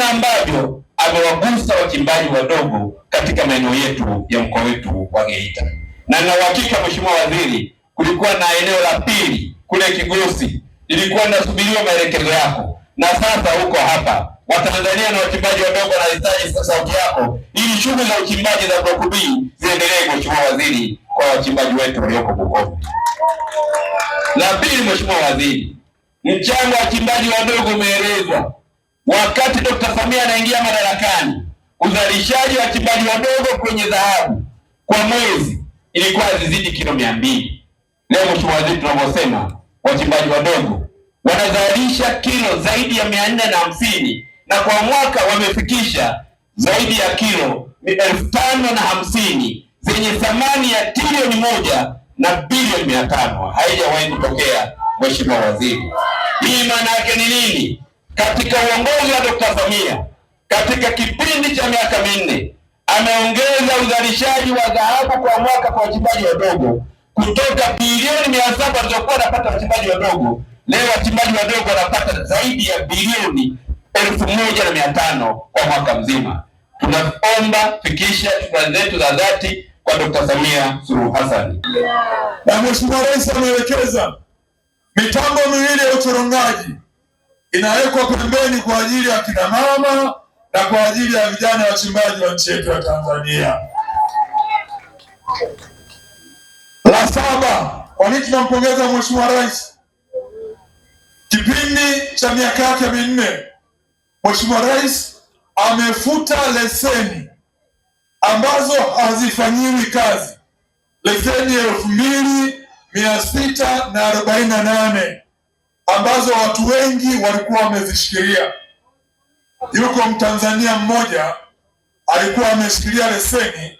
namna ambavyo amewagusa wachimbaji wadogo katika maeneo yetu ya mkoa wetu wa Geita, na na uhakika Mheshimiwa Waziri, kulikuwa na eneo la pili kule Kigosi lilikuwa linasubiriwa maelekezo yako, na sasa huko hapa Watanzania na wachimbaji wadogo wanahitaji sauti yako ili shughuli za uchimbaji za Block B ziendelee, Mheshimiwa Waziri, kwa wachimbaji wetu walioko Bukoba. La pili, Mheshimiwa Waziri, mchango wa wachimbaji wadogo umeelezwa Wakati Dr. Samia anaingia madarakani, uzalishaji wa wadogo kwenye dhahabu kwa mwezi ilikuwa hazizidi kilo mia mbili. Leo mheshimiwa waziri, tunavyosema wachimbaji wadogo wanazalisha kilo zaidi ya mia nne na hamsini na kwa mwaka wamefikisha zaidi ya kilo elfu tano na hamsini zenye thamani ya trilioni moja na bilioni mia tano. Haijawahi kutokea mheshimiwa waziri. Hii maana yake ni nini? katika uongozi wa Dkt. Samia katika kipindi cha miaka minne ameongeza uzalishaji wa dhahabu kwa mwaka kwa wachimbaji wadogo kutoka bilioni mia saba walizokuwa wanapata wachimbaji wadogo, leo wachimbaji wadogo wanapata zaidi ya bilioni elfu moja na mia tano kwa mwaka mzima. Tunaomba fikisha shukrani zetu za dhati kwa Dkt. Samia Suluhu Hassan. Na Mheshimiwa Rais ameelekeza mitambo miwili ya uchorongaji inawekwa pembeni kwa ajili ya kina mama na kwa ajili ya vijana wachimbaji wa nchi yetu ya Tanzania. La saba, kwa nini tunampongeza Mheshimiwa Rais? Kipindi cha miaka yake minne, Mheshimiwa Rais amefuta leseni ambazo hazifanyiwi kazi, leseni elfu mbili mia sita na arobaini na nane ambazo watu wengi walikuwa wamezishikilia. Yuko Mtanzania mmoja alikuwa ameshikilia leseni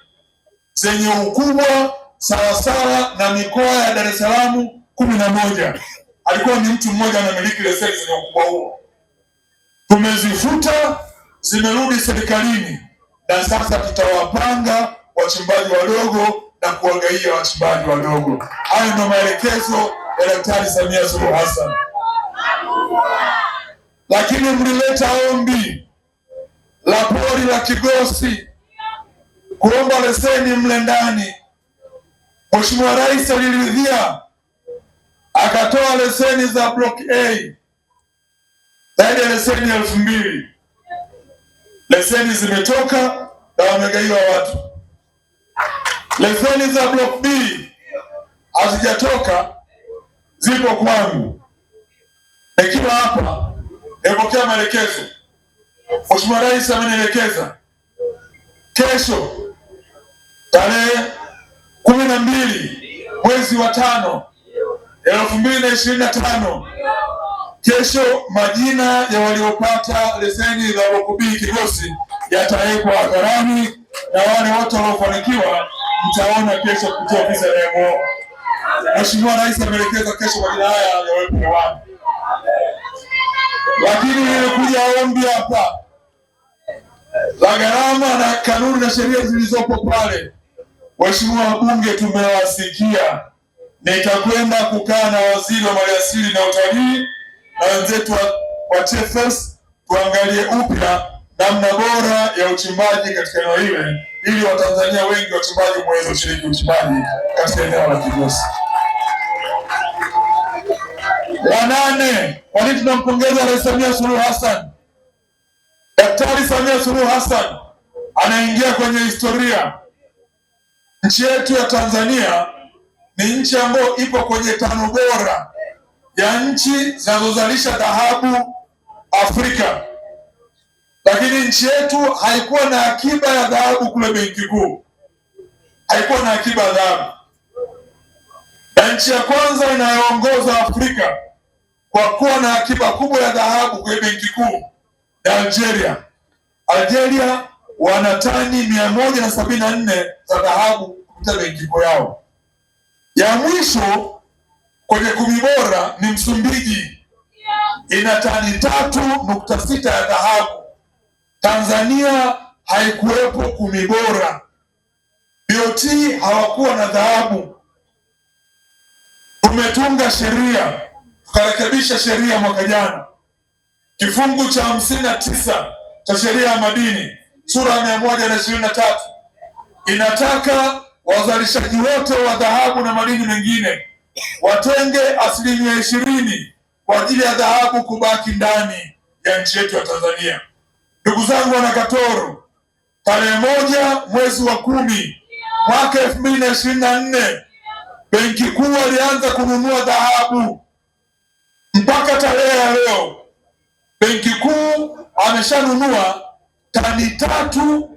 zenye ukubwa sawasawa na mikoa ya Dar es Salaam kumi na moja. Alikuwa ni mtu mmoja anamiliki leseni zenye ukubwa huo. Tumezifuta, zimerudi serikalini, na sasa tutawapanga wachimbaji wadogo na kuwagaia wachimbaji wadogo. Hayo ndio maelekezo ya Daktari Samia Suluhu Hassan lakini mlileta ombi la pori la Kigosi kuomba leseni mle ndani. Mheshimiwa Rais aliridhia akatoa leseni za block A zaidi ya leseni elfu mbili. Leseni zimetoka na wamegaiwa watu. Leseni za block B hazijatoka, zipo kwangu nikiwa hapa Nimepokea maelekezo, Mheshimiwa Rais amenielekeza kesho tarehe kumi na mbili mwezi wa tano elfu mbili na ishirini na tano kesho majina ya waliopata leseni za Rokubii Kigosi yatawekwa hadharani na wale wote waliofanikiwa mtaona kesho kupitia ofisi ya Mheshimiwa Rais ameelekeza kesho majina haya yawekwe lakini nimekuja ombi hapa la gharama na kanuni na sheria zilizopo pale. Waheshimiwa wabunge, tumewasikia. Nitakwenda kukaa na waziri wa maliasili na utalii na wenzetu wa TFS tuangalie upya namna bora ya uchimbaji katika eneo hile ili watanzania wengi wachimbaji muweze kushiriki uchimbaji katika eneo la Kigosi. Wanane, kwa nini tunampongeza Rais Samia Suluhu Hassan? Daktari Samia Suluhu Hassan anaingia kwenye historia. Nchi yetu ya Tanzania ni nchi ambayo ipo kwenye tano bora ya nchi zinazozalisha dhahabu Afrika, lakini nchi yetu haikuwa na akiba ya dhahabu kule benki kuu, haikuwa na akiba ya dhahabu, na nchi ya kwanza inayoongoza Afrika kwa kuwa na akiba kubwa ya dhahabu kwenye benki kuu ya Algeria. Algeria wana tani mia moja na sabini na nne za dhahabu kupitia benki kuu yao. Ya mwisho kwenye kumi bora ni Msumbiji, ina tani tatu nukta sita ya dhahabu. Tanzania haikuwepo kumi bora, BOT hawakuwa na dhahabu. Tumetunga sheria tukarekebisha sheria mwaka jana, kifungu cha hamsini na tisa cha sheria ya madini sura mia moja na ishirini na tatu inataka wazalishaji wote wa dhahabu na madini mengine watenge asilimia ishirini kwa ajili ya dhahabu kubaki ndani ya nchi yetu ya Tanzania. Ndugu zangu Wanakatoro, tarehe moja mwezi wa kumi mwaka elfu mbili na ishirini na nne Benki Kuu alianza kununua dhahabu mpaka tarehe ya leo benki kuu ameshanunua tani tatu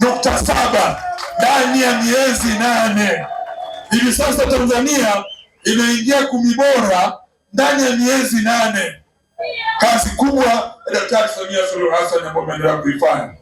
nukta saba ndani ya miezi nane. Hivi sasa Tanzania imeingia kumi bora ndani ya miezi nane. Kazi kubwa ya Daktari Samia Suluhu Hassan ambayo ameendelea kuifanya